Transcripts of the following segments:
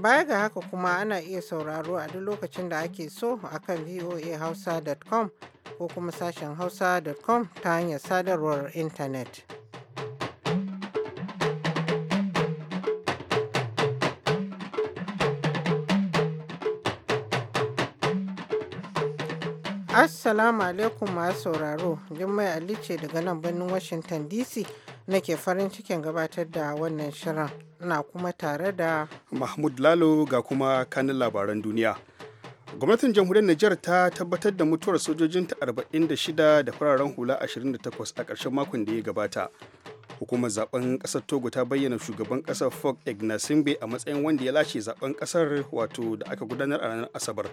Baya ga haka kuma ana iya sauraro a duk lokacin da ake so a kan voahausa.com ko kuma sashen hausa.com ta hanyar sadarwar intanet. Assalamu alaikum masu sauraro, Jummai Ali ce daga nan birnin Washington DC. nake farin cikin gabatar da wannan shirin na kuma tare da mahmud lalo ga kuma kanin labaran duniya gwamnatin jamhuriyar niger ta tabbatar da mutuwar sojojinta 46 da fararen hula 28 a ƙarshen makon da ya gabata hukumar zaben ƙasar togo ta bayyana shugaban ƙasar fok ignacimbe a matsayin wanda ya lashe zaben ƙasar wato da aka gudanar a ranar asabar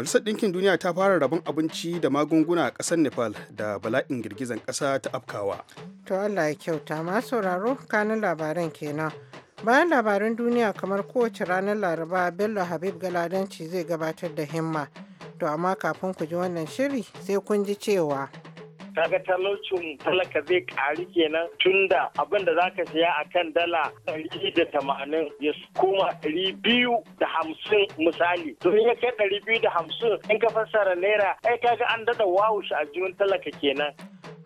Majalisar Ɗinkin Duniya ta fara rabon abinci da magunguna a ƙasar Nepal da bala'in girgizan ƙasa ta afkawa. To Allah ya kyauta ma sauraro kanin labaran kenan. Bayan labaran duniya kamar kowace ranar Laraba Bello Habib Galadanci zai gabatar da himma. To amma kafin ku ji wannan shiri sai kun ji cewa. kaga talaucin talaka zai kari kenan tunda abin da zaka siya kan dala ɗari da tamanin ya koma ɗari biyu da hamsin misali to in ya kai ɗari biyu da hamsin in ka fassara naira ai kaga an daɗa wawu shi a jiwon talaka kenan.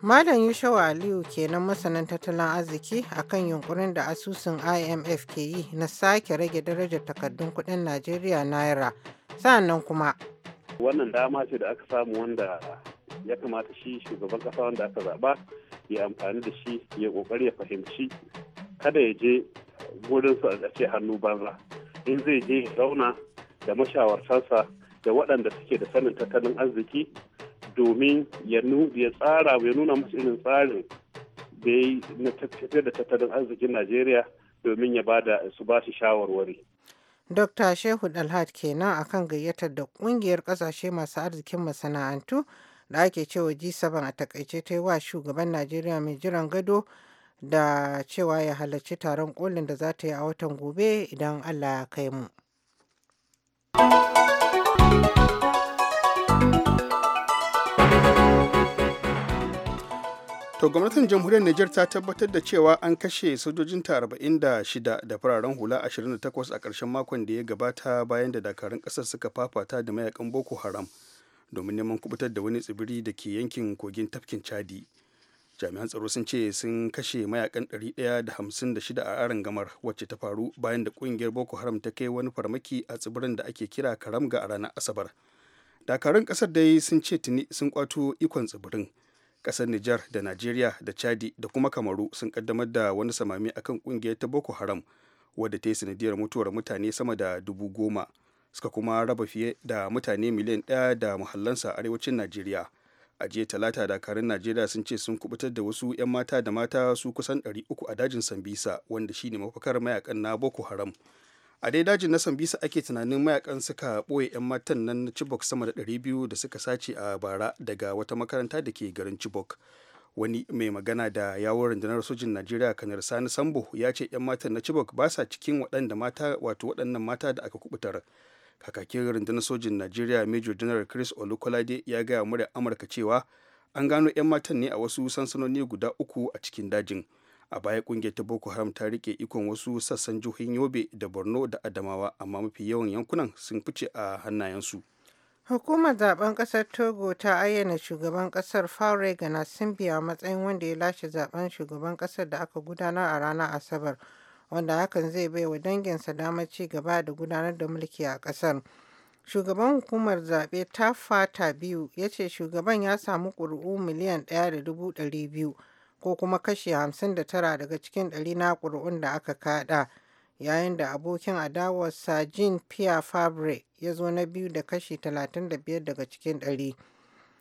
Malam Yushawa Aliyu kenan masanin tattalin arziki akan yunkurin da asusun IMF ke yi na sake rage darajar takardun kuɗin Najeriya naira. Sa'annan kuma. Wannan dama ce da aka samu wanda ya kamata shi shugaban kasa wanda aka zaba ya amfani da shi ya kokari ya fahimci kada ya je gurin su a hannu banza in zai je ya zauna da mashawartansa da waɗanda suke da sanin tattalin arziki domin ya tsara ya nuna musu irin tsarin da ya na tafiyar da tattalin arzikin Najeriya domin ya ba da su ba shi shawarwari. Dokta Shehu Dalhat kenan akan gayyatar da kungiyar kasashe masu arzikin masana'antu da ake cewa G7 a takaice ta yi wa shugaban Najeriya mai jiran gado da cewa ya halarci taron kolin da za ta yi a watan gobe idan Allah ya kai mu. To gwamnatin jamhuriyar niger ta tabbatar da cewa an kashe sojojinta 46 da fararen hula 28 a ƙarshen makon da ya gabata bayan da dakarun ƙasar suka fafata da mayakan Boko Haram. domin neman kubutar da wani tsibiri da ke yankin kogin tafkin chadi jami'an tsaro sun ce sun kashe mayakan 156 a arangamar gamar wacce ta faru bayan da kungiyar boko haram ta kai wani farmaki a tsibirin da ake kira karamga a ranar asabar dakarun kasar dai sun ce tuni sun kwato ikon tsibirin kasar nijar da najeriya da chadi da kuma kamaru sun kaddamar da wani samami akan kungiyar ta boko haram wadda ta yi sanadiyar mutuwar mutane sama da dubu goma suka kuma raba fiye da mutane miliyan ɗaya da muhallansa a arewacin najeriya a jiya talata dakarun najeriya sun ce sun kubutar da wasu 'yan mata da mata su kusan 300 a dajin sambisa wanda shine mafakar mayakan na boko haram a dai dajin na sambisa ake tunanin mayakan suka ɓoye 'yan matan nan na chibok sama da 200 da suka sace a bara daga wata makaranta da ke garin chibok wani mai magana da yawon rundunar sojin najeriya kanar sani sambo ya ce 'yan matan na chibok ba sa cikin waɗanda mata wato waɗannan mata da aka kubutar kakakin rundunar sojin najeriya major general chris olukolade ya gaya murya amurka cewa an gano 'yan matan ne a wasu sansanoni guda uku a cikin dajin a baya kungiyar ta boko haram ta rike ikon wasu sassan jihohin yobe da borno da adamawa amma mafi yawan yankunan sun fice a hannayensu hukumar zaben kasar togo ta ayyana shugaban kasar faure gana simbiya matsayin wanda ya lashe zaben shugaban kasar da aka gudanar a ranar asabar wanda hakan zai bai wa danginsa damar ci gaba da gudanar da mulki a ƙasar. Shugaban hukumar zaɓe ta fata biyu ya ce shugaban ya samu ƙuri'u miliyan ɗaya da dubu ɗari biyu ko kuma kashi hamsin da tara daga cikin ɗari na ƙuri'un da aka kaɗa yayin da abokin adawarsa Jean Pierre Fabre ya zo na biyu da kashi talatin da biyar daga cikin ɗari.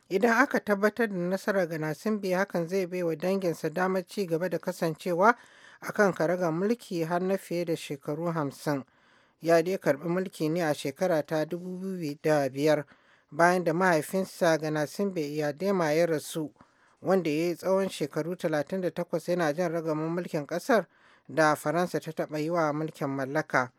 Idan aka tabbatar da nasarar ga Nasimbi hakan zai bai wa danginsa damar ci gaba da kasancewa akan karagar mulki har na fiye da shekaru hamsin ya dai karbi mulki ne a shekara ta biyar, bayan da mahaifinsa ganasimbe iyadema ya rasu wanda ya yi tsawon shekaru talatin da takwas yana jan ragamin mulkin kasar da faransa ta taɓa yi wa mulkin mallaka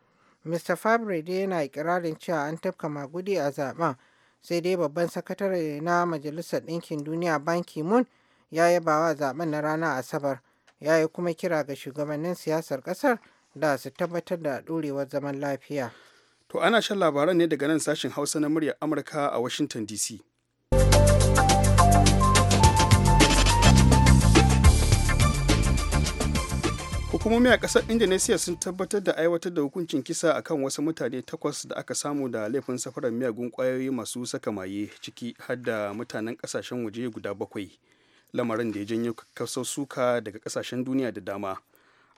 mr fabre dai yana ikirarin cewa an tafka magudi a zaben sai dai babban sakatare na majalisar ɗinkin duniya banki moon ya yaba wa zaben na rana asabar ya yi kuma kira ga shugabannin siyasar kasar da su tabbatar da ɗorewar zaman lafiya. To ana shan labaran ne daga nan sashen Hausa na muryar Amurka a Washington DC. hukumomi a kasar indonesia sun tabbatar da aiwatar da hukuncin kisa akan wasu mutane takwas da aka samu da laifin safarar miyagun kwayoyi masu saka maye ciki har da mutanen kasashen waje guda bakwai lamarin da ya janyo kaso suka daga kasashen duniya da dama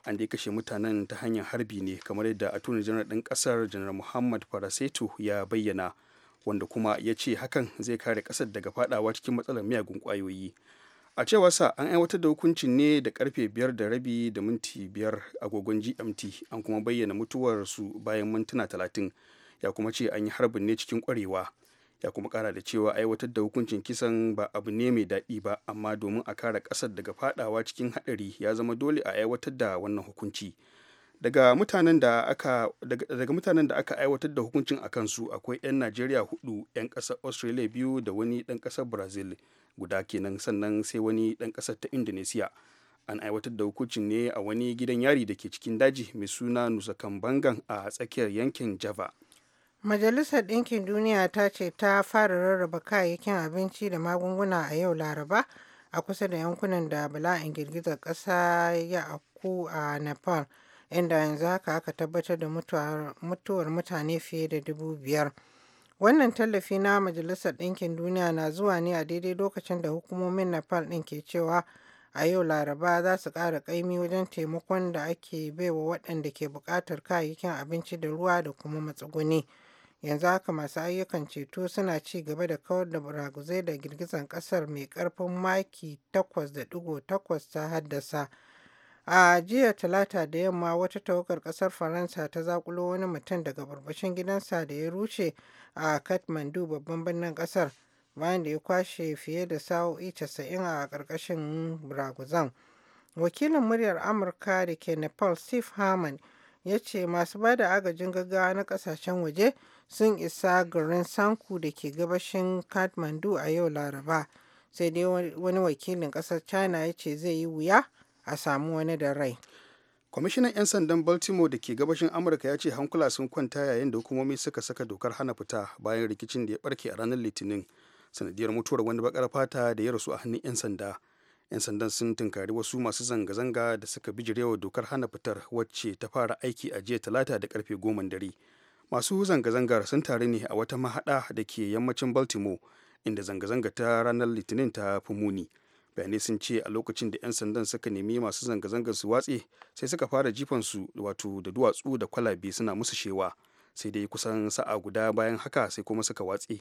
an da ya kashe mutanen ta hanyar harbi ne kamar yadda attorney general ɗin ƙasar janar muhammad faraseto ya bayyana wanda kuma ya ce hakan zai kare ƙasar daga fadawa cikin matsalar miyagun ƙwayoyi a cewa sa an aiwatar da hukuncin ne da karfe biyar da rabi da minti biyar agogon gmt an kuma bayyana mutuwar su bayan mintuna talatin ya kuma ce an yi harbin ne cikin kwarewa ya kuma kara da cewa aiwatar da hukuncin kisan ba abu ne mai daɗi ba amma domin a kare ƙasar daga fadawa cikin haɗari ya zama dole a aiwatar da wannan hukunci daga mutanen da aka daga, mutanen da aka aiwatar da hukuncin a kansu akwai 'yan najeriya hudu 'yan ƙasar australia biyu da wani ɗan ƙasar brazil guda kenan sannan sai wani ɗan ƙasar ta indonesia an aiwatar da hukuncin ne a wani gidan yari da ke cikin daji mai suna nusa kambangan a tsakiyar yankin java Majalisar Ɗinkin Duniya ta ce ta fara rarraba kayayyakin abinci da magunguna a yau Laraba a kusa da yankunan da bala'in girgizar ƙasa ya afku a Nepal, inda yanzu haka aka tabbatar da mutuwar mutane fiye da dubu biyar. Wannan tallafi na Majalisar Ɗinkin Duniya na zuwa ne a daidai lokacin da hukumomin Nepal ɗin ke cewa a yau Laraba za su ƙara ƙaimi wajen taimakon da ake baiwa waɗanda ke buƙatar kayayyakin abinci da ruwa da kuma matsuguni. yanzu haka masu ayyukan ceto suna ci gaba da kawar da buraguzai da girgizan kasar mai karfin maki 8.8 ta haddasa a jiya talata da yamma wata tawagar kasar faransa ta zakulo wani mutum daga burbushin gidansa da ya rushe a Katmandu babban birnin kasar bayan da ya kwashe fiye da sa'o'i 90 a ƙarƙashin buraguzan wakilin muryar amurka da ke nepal steve harman ya ce masu ba da agajin gaggawa na kasashen waje sun isa garin sanku da ke gabashin kathmandu a yau laraba sai dai wani wakilin kasar china ya ce zai yi wuya a samu wani da rai kwamishinan 'yan sandan baltimore da ke gabashin amurka ya ce hankula sun kwanta yayin da hukumomi suka saka dokar hana fita bayan rikicin da ya barke a ranar litinin sanadiyar mutuwar wani bakar fata da ya rasu a hannun 'yan sanda 'yan sandan sun tunkari wasu masu zanga-zanga da suka bijirewa dokar hana fitar wacce ta fara aiki a jiya talata da karfe goma dare masu zanga-zangar sun taru ne a wata mahaɗa da ke yammacin baltimore inda zanga-zanga ta ranar litinin ta fi muni bayanai sun ce a lokacin da 'yan sandan suka nemi masu zanga-zangar su watse sai suka fara jifansu wato da duwatsu da kwalabe suna musu shewa sai dai kusan sa'a guda bayan haka sai kuma suka watse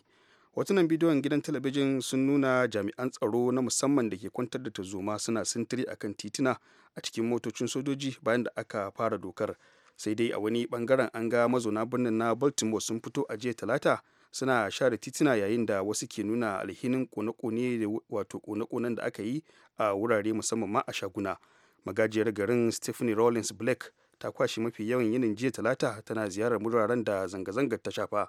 hotunan bidiyon gidan talabijin sun nuna jami'an tsaro na musamman da ke kwantar da tazoma suna sintiri a kan titina a cikin motocin sojoji bayan da aka fara dokar sai dai a wani bangaren an ga mazauna birnin na baltimore sun fito a jiya talata suna share titina yayin da wasu ke nuna alhinin kone-kone wato kone-konen da aka yi a wurare musamman ma a shaguna magajiyar garin stephanie rawlins blake ta kwashe mafi yawan yinin jiya talata tana ziyarar wuraren da zanga-zangar ta shafa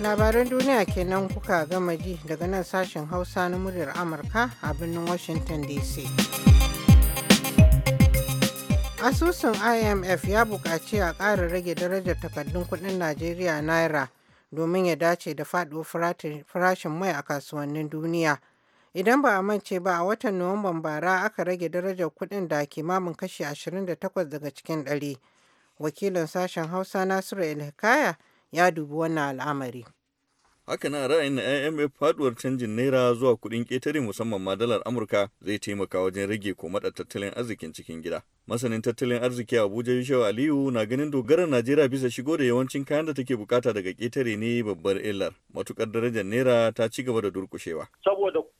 Labaran duniya kenan kuka gama ji daga nan sashen Hausa na muryar Amurka a birnin Washington DC. Asusun IMF ya buƙaci a ƙara rage darajar takardun kuɗin Najeriya Naira domin ya dace da faɗuwar farashin mai a kasuwannin duniya. Idan ba a mance ba a watan Nuwamban bara aka rage darajar kudin da kimamin kashi 28 daga cikin ɗari. Wakilin sashen Hausa Nasiru elhikaya ya dubi wannan al'amari. haka na ra'ayin na IMF faduwar canjin naira zuwa kudin ƙetare musamman ma dalar Amurka zai taimaka wajen rage komaɗa tattalin arzikin cikin gida. Masanin tattalin arziki Abuja yushewa Aliyu na ganin dogarar Najeriya bisa shigo da yawancin kayan da take bukata daga ketare ne babbar illar. Matukar darajar naira ta ci gaba da durkushewa. Saboda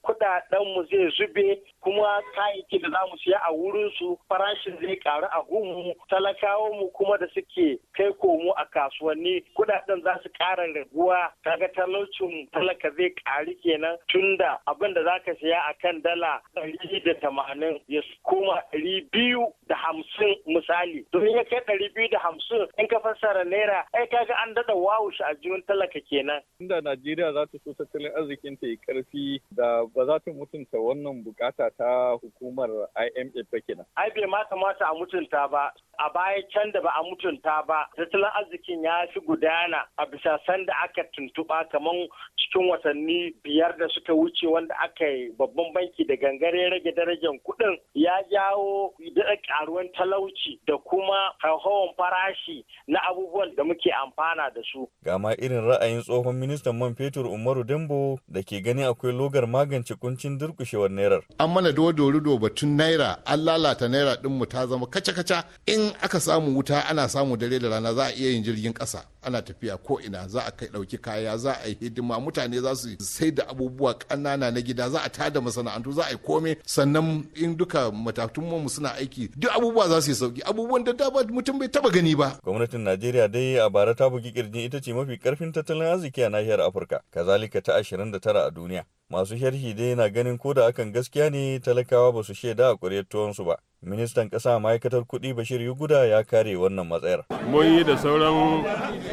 da mu zai kuma kayayyaki da za mu siya a wurin su farashin zai karu a gunmu talakawa mu kuma da suke kai komo a kasuwanni kudaden za su kara raguwa kaga talaucin talaka zai kari kenan tunda abin da zaka siya kan dala ɗari da tamanin ya koma ɗari biyu da hamsin misali domin ya kai ɗari biyu da hamsin in ka fassara naira ai kaga an daɗa wawu shi a jinin talaka kenan. Inda Najeriya za ta so tattalin arzikin ta yi ƙarfi da ba za ta mutunta wannan bukata ta hukumar IMF ba kenan. Ai bai ma kamata a mutunta ba. A baya can da ba a mutunta ba, tattalin arzikin ya fi gudana a bisa sanda aka tuntuɓa kamar cikin watanni biyar da suka wuce wanda aka yi babban banki da gangare rage darajar kuɗin ya jawo daɗa ƙaruwan talauci da kuma hauhawan farashi na abubuwan da muke amfana da su. Ga irin ra'ayin tsohon ministan man fetur Umaru Dembo, da ke gani akwai logar magance kuncin durƙushewar nerar. Amma mana dodo batun naira an lalata naira din mu ta zama kaca-kaca in aka samu wuta ana samu dare da rana za a iya yin jirgin kasa ana tafiya ko ina za a kai dauki kaya za a yi hidima mutane za su sai da abubuwa kanana na gida za a tada masana'antu za a yi kome sannan in duka matatun mu suna aiki duk abubuwa za su yi sauki abubuwan da dama mutum bai taba gani ba gwamnatin najeriya dai a bara ta bugi kirji ita ce mafi karfin tattalin arziki a nahiyar afirka kazalika ta 29 a duniya masu sharhi dai na ganin ko da akan gaskiya ne talakawa ba su shaida a ƙuryar tuwonsu ba ministan ƙasa ma'aikatar kuɗi bashir guda ya kare wannan matsayar mun yi da sauran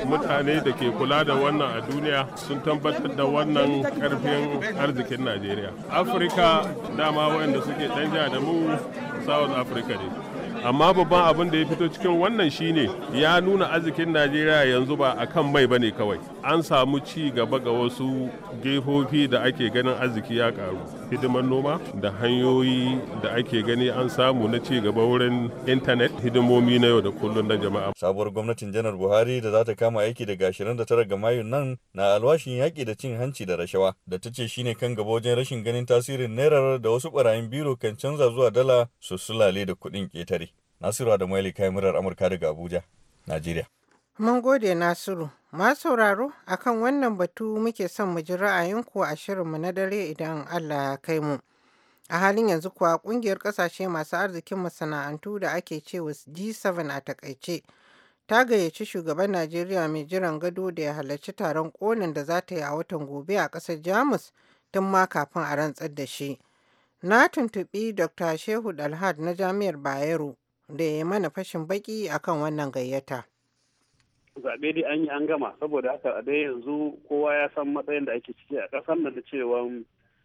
mutane da ke kula da wannan a duniya sun tabbatar da wannan ƙarfin arzikin najeriya afirka dama waɗanda suke ɗan da mu south africa ne amma babban abin da ya fito cikin wannan shine ya nuna arzikin najeriya yanzu ba a kan mai bane kawai an samu ci gaba ga wasu gefofi da ake ganin arziki ya karu hidimar noma da hanyoyi da ake gani an samu na ci gaba wurin intanet hidimomi na yau da kullum na jama'a sabuwar gwamnatin janar buhari da za ta kama aiki daga 29 ga mayu nan na alwashin yaƙi da cin hanci da rashawa da ta ce shine kan gaba wajen rashin ganin tasirin naira da wasu barayin biro kan canza zuwa dala su sulale da kuɗin ƙetare Nasiru da Maili kai murar Amurka daga Abuja, Najeriya. Mun gode Nasiru. Ma sauraro akan wannan batu muke son mu ji ra'ayinku a shirinmu na dare idan Allah ya kai mu. A halin yanzu kuwa kungiyar kasashe masu arzikin masana'antu da ake cewa G7 a takaice ta gayyaci shugaban Najeriya mai jiran gado da ya halarci taron kolin da za ta yi a watan gobe a ƙasar Jamus tun ma kafin a rantsar da shi. Na tuntuɓi Dr. Shehu Dalhad na Jami'ar Bayero da ya mana fashin baki akan wannan gayyata. zaɓe dai an yi an gama saboda haka a dai yanzu kowa ya san matsayin da ake ciki a ƙasar nan da cewa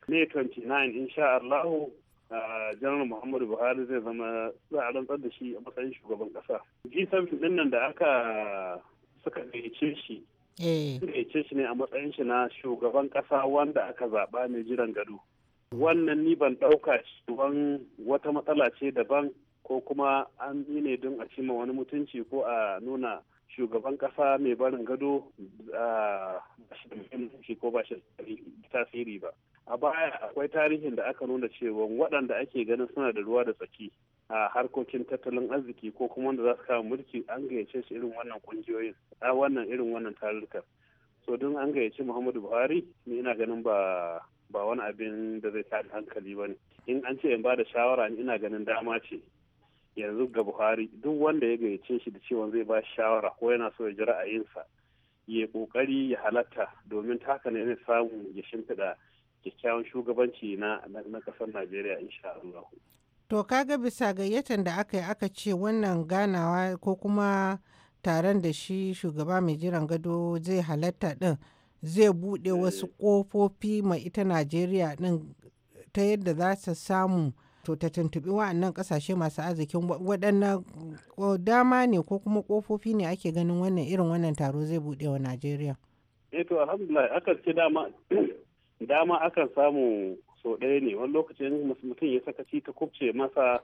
may 29 insha Allah janar Muhammadu Buhari zai zama za rantsar da shi a matsayin shugaban ƙasa. G7 ɗin nan da aka suka gayyace shi. Eh. Gayyace shi ne a matsayin shi na shugaban ƙasa wanda aka zaɓa mai jiran gado. Wannan ni ban ɗauka shi wata matsala ce daban ko kuma an yi ne don a cima wani mutunci ko a nuna shugaban kasa mai barin gado shi ko ba shi tasiri ba a baya akwai tarihin da aka nuna cewa waɗanda ake ganin suna da ruwa da tsaki a harkokin tattalin arziki ko kuma wanda za su kama mulki an gayyace shi irin wannan kungiyoyin a wannan irin wannan tarurrukan so don an gayyaci muhammadu buhari ni ina ganin ba ba wani abin da zai tashi hankali ba ne in an ce in ba da shawara ina ganin dama ce yanzu ga buhari duk wanda ya gayyace shi da cewa zai ba shawara ko yana so ya ji ra'ayinsa ya kokari ya halatta domin haka ne zai samu ya shimfiɗa kyakkyawan shugabanci na na ƙasar najeriya sha Allah. to ga bisa gayyatar da aka yi aka ce wannan ganawa ko kuma taron da shi shugaba mai jiran gado zai halatta din zai bude wasu kofofi eh. ma ita najeriya din ta yadda za ta samu to ta tuntubi wa'annan kasashe masu arzikin waɗannan dama ne ko kuma ƙofofi ne ake ganin wannan irin wannan taro zai buɗe wa najeriya eh to alhamdulillah akan ce dama dama akan samu so ɗaya ne wani lokacin mutum ya sakaci ta kubce masa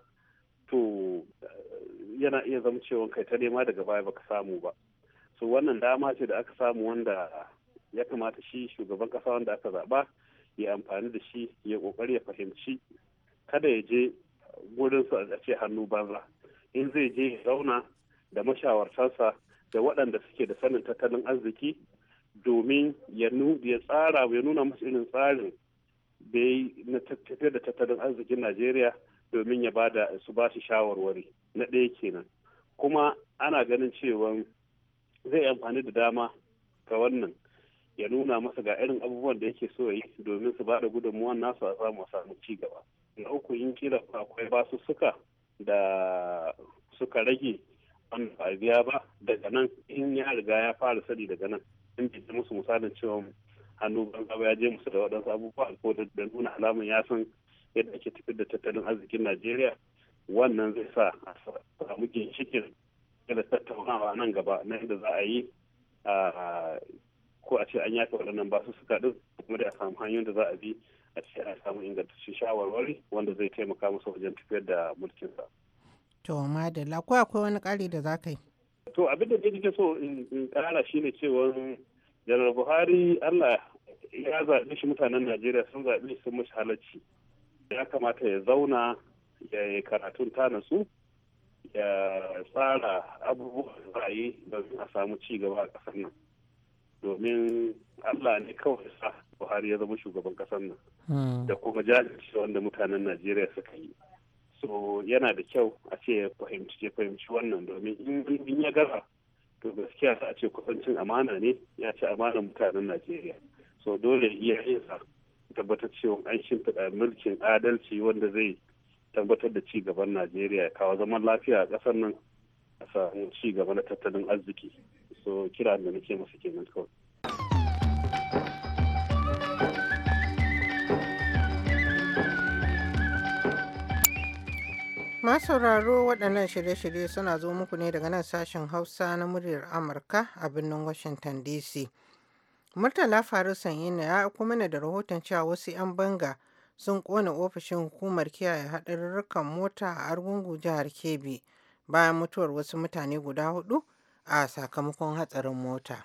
to eh, yana iya zama cewa kai ta nema daga baya baka samu ba so wannan dama ce da aka samu wanda ya kamata shi shugaban kasa wanda aka zaba ya amfani da shi ya kokari ya fahimci kada ya je gurin su a ce hannu banza in zai je ya zauna da mashawartansa da waɗanda suke da sanin tattalin arziki domin ya tsara ya nuna musu irin tsarin da ya na da tattalin arzikin najeriya domin ya ba da su ba shi shawarwari na ɗaya kenan kuma ana ganin cewa zai amfani da dama ga wannan ya nuna masa ga irin abubuwan da yake so yi domin su ba da gudunmuwan nasu a samu a samu ci gaba na uku in kila akwai suka da suka rage wanda ba biya ba daga nan in ya riga ya fara sani daga nan in bai musu misalin cewa hannu banza ba ya je musu da waɗansu abubuwa ko da nuna alamun ya san yadda ake tafiyar da tattalin arzikin najeriya wannan zai sa a samu ginshikin da tattaunawa nan gaba na yadda za a yi ko a ce an yafe waɗannan basu suka ɗin kuma da a samu hanyoyin da za a bi a ce a samu ingantaccen shawarwari wanda zai taimaka musu wajen tafiyar da mulkinsa. To madalla ko akwai wani ƙari da za ka yi? To abin da nake so in ƙara shine cewa Janar Buhari Allah ya zaɓi shi mutanen Najeriya sun zaɓi sun mashi halarci. Ya kamata ya zauna ya yi karatun su ya tsara abubuwan da yi domin a samu ci gaba a ƙasar nan. Domin Allah ne kawai sa buhari ya zama shugaban kasar nan hmm. da kuma jajirce wanda mutanen najeriya suka yi so yana da kyau a ce ya fahimci ya fahimci wannan domin in ya gaza to gaskiya sa a ce kusancin amana ne ya ce amanar mutanen najeriya so dole iya sa tabbatar cewa an shimfiɗa mulkin adalci wanda zai tabbatar da ci gaban najeriya ya kawo zaman lafiya a ƙasar nan a samu ci gaba na tattalin arziki so kira da nake masa kenan kawai sauraro waɗannan shirye-shirye suna zo muku ne daga nan sashen Hausa na muryar Amurka a birnin Washington DC. Murtala Faru Sanyina ya kuma da rahoton cewa wasu 'yan banga sun ƙona ofishin hukumar kiyaye haɗarurrukan mota a Argungu jihar Kebbi bayan mutuwar wasu mutane guda hudu a sakamakon hatsarin mota.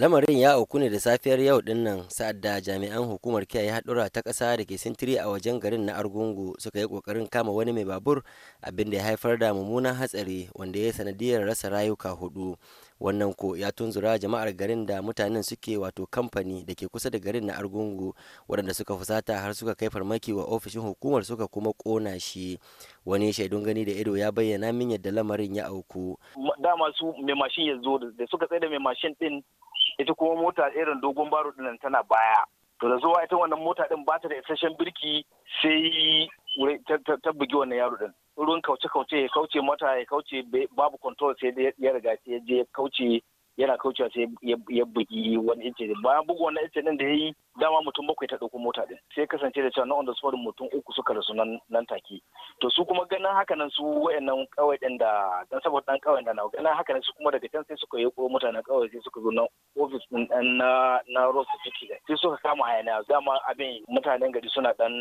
lamarin ya auku ne da safiyar yau dinnan sa'ad da jami'an hukumar kiyaye haɗura ta ƙasa da ke sintiri a wajen garin na argungu suka yi ƙoƙarin kama wani mai babur abin da ya haifar da mummunan hatsari wanda ya sanadiyar rasa rayuka hudu wannan ko ya tunzura jama'ar garin da mutanen suke wato kamfani da ke kusa da garin na argungu waɗanda suka fusata har suka kai farmaki wa ofishin hukumar suka kuma ƙona shi wani shaidun gani da ido ya bayyana min yadda lamarin ya auku da masu mai mashin ya zo da suka tsaye da mai mashin din ita kuma mota irin dogon baro dinnan tana baya to da zuwa ita wannan mota din ba ta da isasshen birki sai ta bugi wannan yaro din ruwan kauce kauce ya kauce mata ya kauce babu kontrol sai ya riga sai ya je ya kauce yana kaucewa sai ya bugi wani inci din bayan bugu wani inci din da ya yi dama mutum bakwai ta ɗauko mota din sai kasance da cewa na onda spot mutum uku suka rasu nan nan take to su kuma ganin haka nan su wayannan kawai din da dan saboda dan kawai da na ganin haka nan su kuma daga can sai suka yi ko mutanen kawai sai suka zo nan office din dan na na road safety sai suka kama hayana dama abin mutanen gari suna dan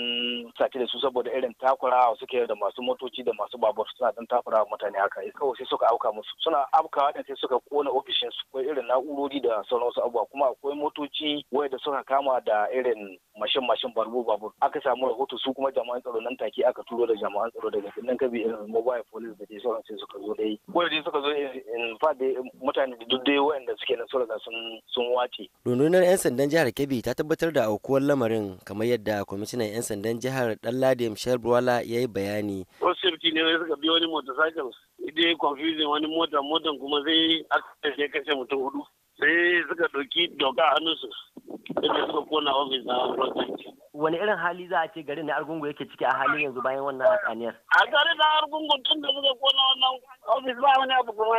sace da su saboda irin takurawa suke da masu motoci da masu babur suna dan takurawa mutane haka kawai sai suka auka musu suna abuka wadanda sai suka kona ofishin akwai irin na'urori da sauran sauransu abubuwa kuma akwai motoci da suka kama da irin mashin mashin barbu babur aka samu rahoto su kuma jama'an tsaro nan take aka turo da jama'an tsaro daga nan kabi irin mobile police da dai sai suka zo dai ko dai suka zo in fa dai mutane da duk dai wayanda suke nan sun sun sun wace rundunar yan sandan jihar Kebbi ta tabbatar da aukuwar lamarin kamar yadda kwamishinan yan sandan jihar Danladi Mshar ya yi bayani. Wasu ne suka biyo wani motorcycle je confusing wani mota motan kuma sai aka ya kashe mutum hudu sai suka doki doka a hannunsu sai suka kona ofis na project wani irin hali za a ce garin na argungu yake ciki a halin yanzu bayan wannan hatsaniyar a garin na argungu tun da suka kona wannan ofis ba wani abu kuma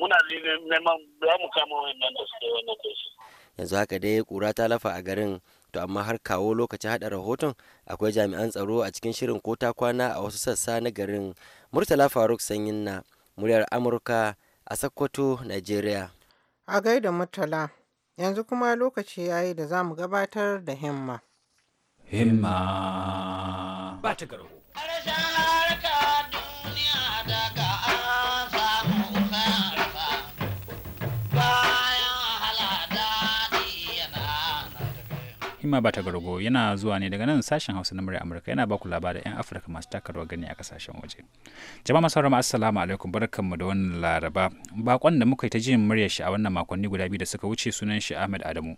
muna neman za mu kama wannan da suke wannan da yanzu haka dai kura ta lafa a garin to amma har kawo lokacin hada rahoton akwai jami'an tsaro a cikin shirin ko ta kwana a wasu sassa na garin murtala faruk sanyin na muryar amurka a sokoto nigeria a gaida murtala yanzu kuma lokaci ya yi da za mu gabatar da himma himma ba ta hima ba ta gargo yana zuwa ne daga nan sashen hausa na murya amurka yana baku labarin 'yan afirka masu takarwa gani a kasashen waje jama'a masu rama assalamu alaikum barkanmu da wannan laraba bakon da muka yi ta jin muryar shi a wannan makonni guda biyu da suka wuce sunan shi ahmed adamu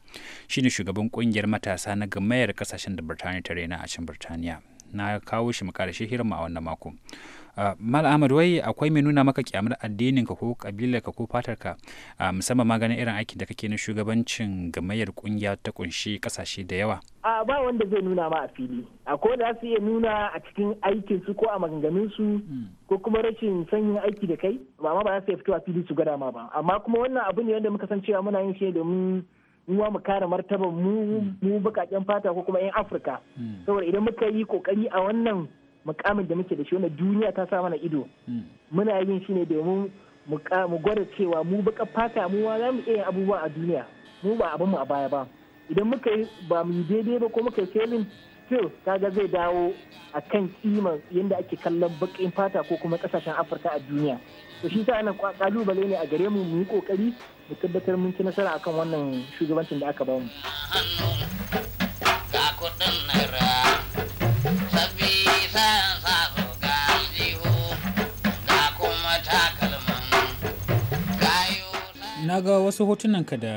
shine shugaban kungiyar matasa na gamayar kasashen da birtaniya ta raina a can birtaniya na kawo shi mu karashe hirma a wannan mako Ah, mal ahmad wai akwai mai nuna maka kyamar addinin ka ko kabilar ka ko fatar ka ah, musamman maganin ganin irin aikin da kake na shugabancin gamayyar kungiya ta kunshi kasashe da yawa a ah, ba wanda zai nuna ma a fili akwai da su iya nuna a cikin aikin su ko a maganganun su hmm. ko kuma rashin sanyin aiki da kai mama ba za su fito a fili su gada ma ba amma kuma wannan abu ne wanda muka san cewa muna yin shi domin muwa mu kare martaban mu hmm. mu bakaken fata ko kuma 'yan afirka hmm. saboda idan muka yi kokari a wannan mukamin da muke da shi wanda duniya ta sa mana ido hmm. muna yin shi ne domin mu gwada cewa mu baka fata mu ma za mu iya abubuwa a duniya mu ba abin mu a baya ba idan muka yi ba mu daidai ba ko muka yi failing still ga zai dawo a kan kima yadda ake kallon bakin fata ko kuma kasashen afirka a duniya to shi sa ana kalubale ne a gare mu mu yi kokari mu tabbatar mun ci nasara akan wannan shugabancin da aka bamu. na ga wasu hotunan ka da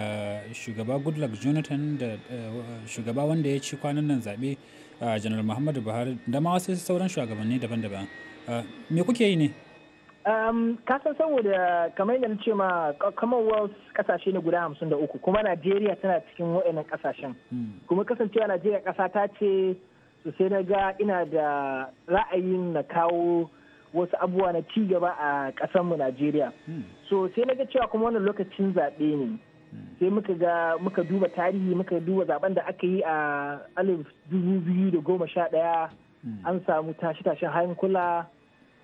shugaba goodluck jonathan da eh, shugaba wanda ya ci kwanan nan zaɓe a janar muhammadu buhari da ma wasu sauran shugabanni daban-daban me kuke yi ne um, kasan saboda kamar yadda ce ma commonwealth kasashe ne guda hamsin da uku kuma najeriya tana cikin wa'annan kasashen hmm. kuma kasancewa najeriya kasa ta ce sosai na ga ina da ra'ayin na kawo wasu abubuwa na ci gaba a ƙasarmu Najeriya. Hmm. So sai na ga cewa kuma wannan lokacin zaɓe ne. Hmm. Sai muka ga muka duba tarihi muka duba zaben da aka yi a alif dubu biyu da goma sha ɗaya hmm. an samu tashi tashin kula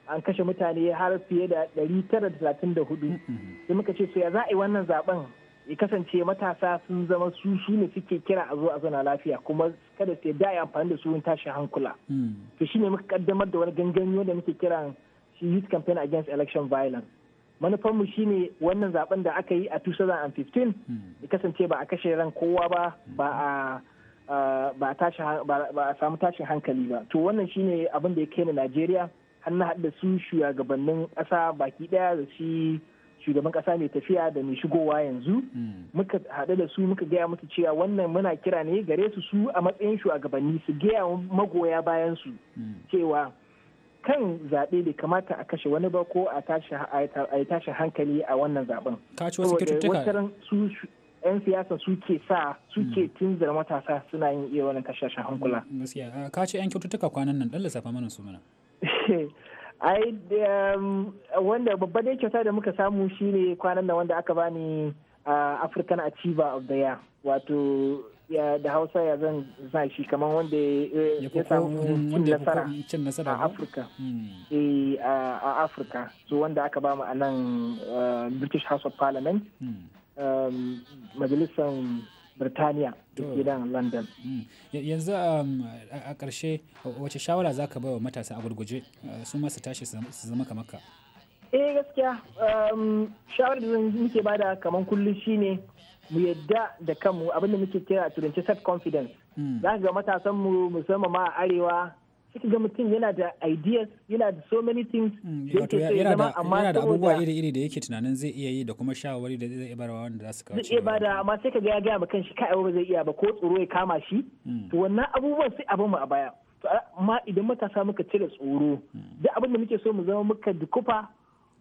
an kashe mutane har fiye da ɗari tara da talatin da hudu. Sai muka ce so ya za a yi wannan zaben ya kasance matasa sun zama su su ne suke kira a zo a zana lafiya kuma kada su da ya amfani da su wani tashin hankula hmm. to shi ne muka kaddamar da wani yau da muke kiran shi youth campaign against election violence manufarmu ne wannan zaben da aka yi a 2015 hmm. ya kasance ba a kashe ran kowa ba ba a samu tashin hankali ba to wannan shine abin da ya kai ni Najeriya har na haɗa su shugabannin ƙasa baki ɗaya da shi shugaban kasa mai tafiya da mai shigowa yanzu hmm. muka haɗu da su muka gaya musu cewa wannan muna kira ne gare su su a matsayin shugabanni su gaya magoya bayan su hmm. cewa kan zaɓe bai kamata a kashe wani ba ko a tashi hankali a wannan zaɓen. Ka ci 'yan siyasa suke sa suke hmm. tunzar matasa suna yin iya wani tashashen hankula. Gaskiya ka ce 'yan kyaututtuka kwanan nan ɗan lissafa mana su mana. ai um, wanda babba dai kyauta da muka samu shine kwanan da wanda aka bani african achiever of the year wato da hausa ya zan sa shi kamar wanda ya samu cin nasara a afirka hmm. eh, a afirka so wanda aka bamu a nan uh, british house of parliament hmm. um, majalisar birtaniya da ke london mm. yanzu um, a ƙarshe wace shawara za ka wa matasa a gurguje uh, su masu tashi su zama kamar ka eh gaskiya um, shawarar da muke bada kamar kullum shine mu yadda da kanmu abinda muke kira a turance self confidence mm. za ka ga matasanmu musamman ma a arewa kika ga mutum yana da ideas yana da so many things mm, yana da abubuwa iri-iri da yake tunanin zai iya yi da kuma shawarwari da zai barwa wanda za su kawo iya bada amma sai ka ga ya gaya ma kanshi kai ba zai iya ba ko tsoro ya kama shi mm. to wannan abubuwan sai abin mu a baya To amma idan matasa muka cire tsoro mm. duk abin da muke so mu zama muka dukufa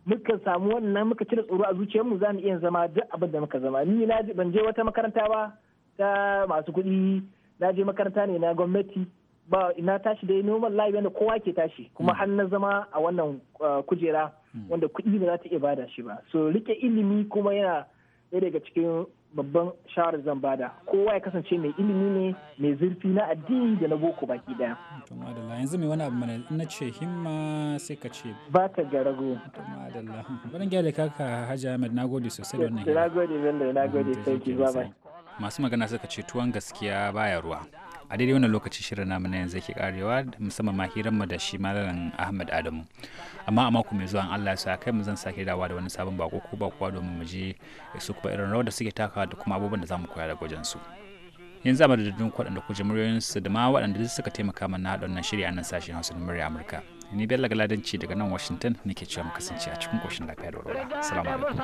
muka samu wannan muka cire tsoro a zuciyarmu za mu iya zama duk abin da muka zama ni na ban je wata makaranta ba ta masu kuɗi na je makaranta ne na gwamnati ba ina tashi dai noman layi wanda kowa ke tashi kuma hmm. har na zama a wannan uh, kujera hmm. wanda kuɗi ba za ta iya bada shi ba so rike ilimi kuma yana ɗaya daga cikin babban shawarar zan bada kowa ya kasance mai ilimi ne mai zurfi na addini da na boko baki daya to madalla yanzu mai wani abu mana na ce himma sai ka ce ba ta rago to madalla bari gyara kaka Hajji Ahmed gode sosai da wannan nagode na gode sai ki ba masu magana suka ce tuwon gaskiya baya ruwa a daidai wannan lokaci shirin namu na yanzu ke karewa musamman ma hiranmu da shi malamin ahmad adamu amma a mako mai zuwa allah ya sa kai mu zan sake dawa da wani sabon bako ko bakuwa domin mu je su kuma irin rawar da suke takawa da kuma abubuwan da zamu koya daga wajen su yanzu a madadin waɗanda ku su da ma waɗanda duk suka taimaka mana na na shirya nan sashen hausa na murya amurka ni bella galadanci daga nan washington ke cewa mu kasance a cikin ƙoshin lafiya da walwala salamu alaikum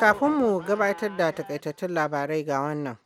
kafin mu gabatar da takaitattun labarai ga wannan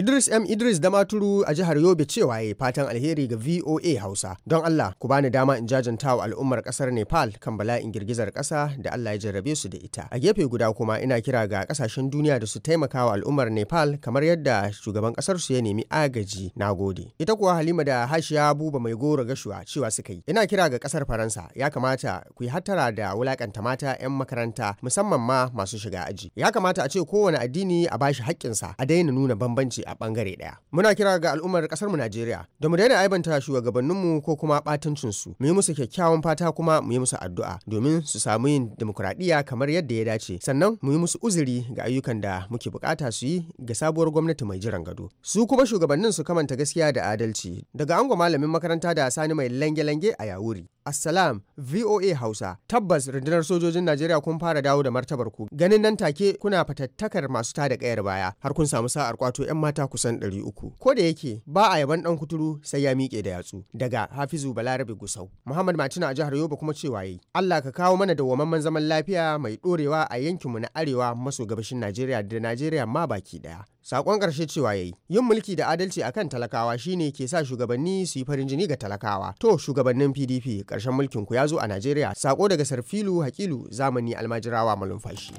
Idris M. Idris da Maturu a jihar Yobe cewa ya fatan alheri ga VOA Hausa. Don Allah ku bani dama in jajanta wa al'ummar kasar Nepal kan bala'in girgizar kasa da Allah ya jarrabe su da ita. A gefe guda kuma ina kira ga kasashen duniya da su taimaka wa al'ummar Nepal kamar yadda shugaban kasar su ya nemi agaji. Na gode. Ita kuwa Halima da Hashiya Buba mai goro gashuwa cewa suka yi. Ina kira ga kasar Faransa ya kamata ku yi hattara da wulakanta mata 'yan makaranta musamman ma masu shiga aji. Ya kamata a ce kowane addini a bashi haƙƙinsa a daina nuna bambanci a bangare daya muna kira ga al'ummar kasar mu Najeriya da mu daina aibanta shugabanninmu ko kuma batancin su mu yi musu kyakkyawan fata kuma mu yi musu addu'a domin su samu yin demokradiyya kamar yadda ya dace sannan mu yi musu uzuri ga ayyukan da muke bukata su yi ga sabuwar gwamnati mai jiran gado su kuma shugabannin su kamanta gaskiya da adalci daga ango malamin makaranta da sani mai lange-lange a yawuri assalam voa hausa tabbas rundunar sojojin najeriya kun fara dawo da martabar ku ganin nan take kuna fatattakar masu tada kayar baya har kun samu sa'ar kwato 'yan mata Ta kusan 300 ko da yake ba a yaban dan kuturu sai ya miƙe da yatsu daga hafizu balarabe gusau muhammad matina a jihar yobe kuma cewa yayi allah ka kawo mana dawwamamman zaman lafiya mai ɗorewa a yankinmu na arewa maso gabashin najeriya da najeriya ma baki ɗaya. sakon ƙarshe cewa yayi yin mulki da adalci akan talakawa shine ke sa shugabanni su yi farin jini ga talakawa to shugabannin pdp karshen mulkin ku ya zo a najeriya sako daga sarfilu hakilu zamani almajirawa malumfashi.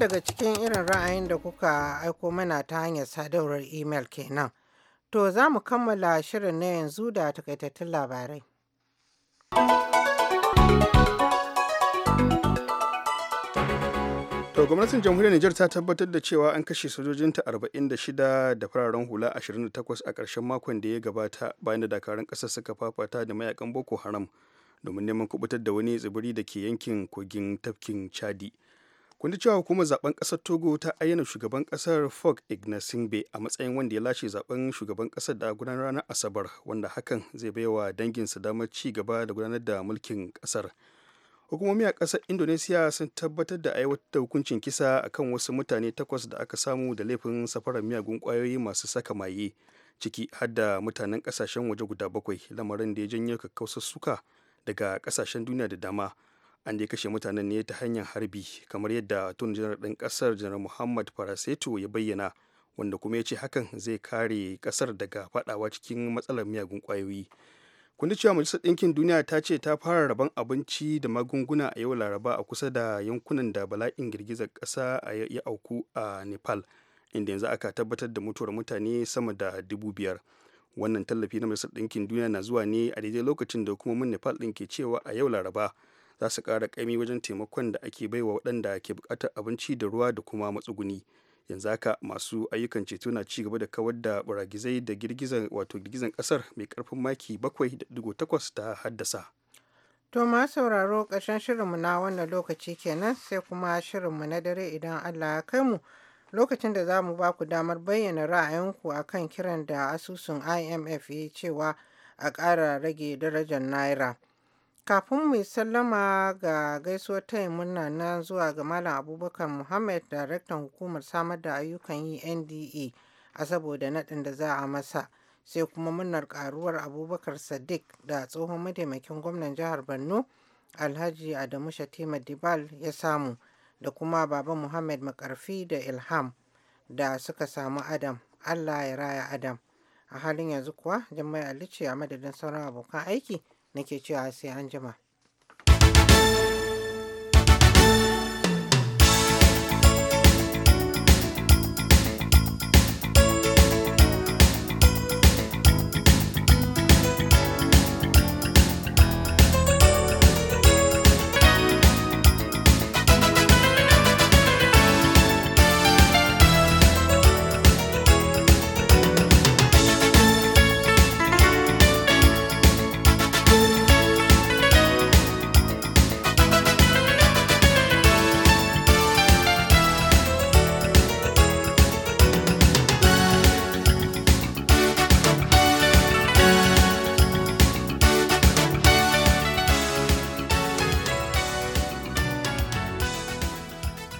daga cikin irin ra'ayin da kuka aiko mana ta hanyar sadarwar imel kenan. To za mu kammala shirin na yanzu da takaitattun labarai. To gwamnatin jamhuriyar Nijar ta tabbatar da cewa an kashe sojojinta 46 da fararen hula 28 a ƙarshen makon da ya gabata bayan da dakarun ƙasar suka fafata da mayakan Boko Haram domin neman kubutar da wani tsibiri da ke yankin kogin tafkin Chadi. kun cewa hukumar zaben kasar togo ta ayyana shugaban kasar fog ignacingbe a matsayin wanda ya lashe zaben shugaban kasar da gudanar ranar asabar wanda hakan zai baiwa danginsa damar ci gaba da gudanar da mulkin kasar hukumomi a kasar indonesia sun tabbatar da aiwatar da hukuncin kisa akan wasu mutane takwas da aka samu da laifin safarar miyagun kwayoyi masu saka maye ciki har da mutanen kasashen waje guda bakwai lamarin da ya janyo kakkausar suka daga kasashen duniya da dama an dai kashe mutanen ne ta hanyar harbi kamar yadda tun janar ɗin ƙasar janar muhammad faraseto ya bayyana wanda kuma ya ce hakan zai kare ƙasar daga faɗawa cikin matsalar miyagun ƙwayoyi kun cewa majalisar ɗinkin duniya ta ce ta fara rabon abinci da magunguna a yau laraba a kusa da yankunan da bala'in girgizar ƙasa ya auku a nepal inda yanzu aka tabbatar da mutuwar mutane sama da dubu biyar wannan tallafi na majalisar ɗinkin duniya na zuwa ne a daidai lokacin da hukumomin nepal ɗin ke cewa a yau laraba za su ƙara ƙaimi wajen taimakon da ake baiwa waɗanda ke buƙatar abinci da ruwa da kuma matsuguni yanzu haka masu ayyukan ceto na ci gaba da kawar da baragizai da girgizan wato girgizan ƙasar mai ƙarfin maki bakwai da takwas ta haddasa to ma sauraro ƙarshen shirinmu na wannan lokaci kenan sai kuma shirinmu na dare idan allah ya kai mu lokacin da za mu ba ku damar bayyana ra'ayinku a kan kiran da asusun imf ya cewa a ƙara rage darajar naira Kafin mu sallama ga gaisuwar taya murna na zuwa ga Malam Abubakar Muhammad daraktan hukumar samar da ayyukan yi NDA a saboda naɗin da za a masa sai kuma murnar karuwar Abubakar Sadiq da tsohon mataimakin gwamnan jihar Borno Alhaji Adamu Shatima Dibal ya samu da kuma Baba Muhammad Makarfi da Ilham da suka samu Adam Allah ya raya Adam a halin yanzu kuwa Jummai Ali ce a madadin sauran abokan aiki nake cewa sai an jima.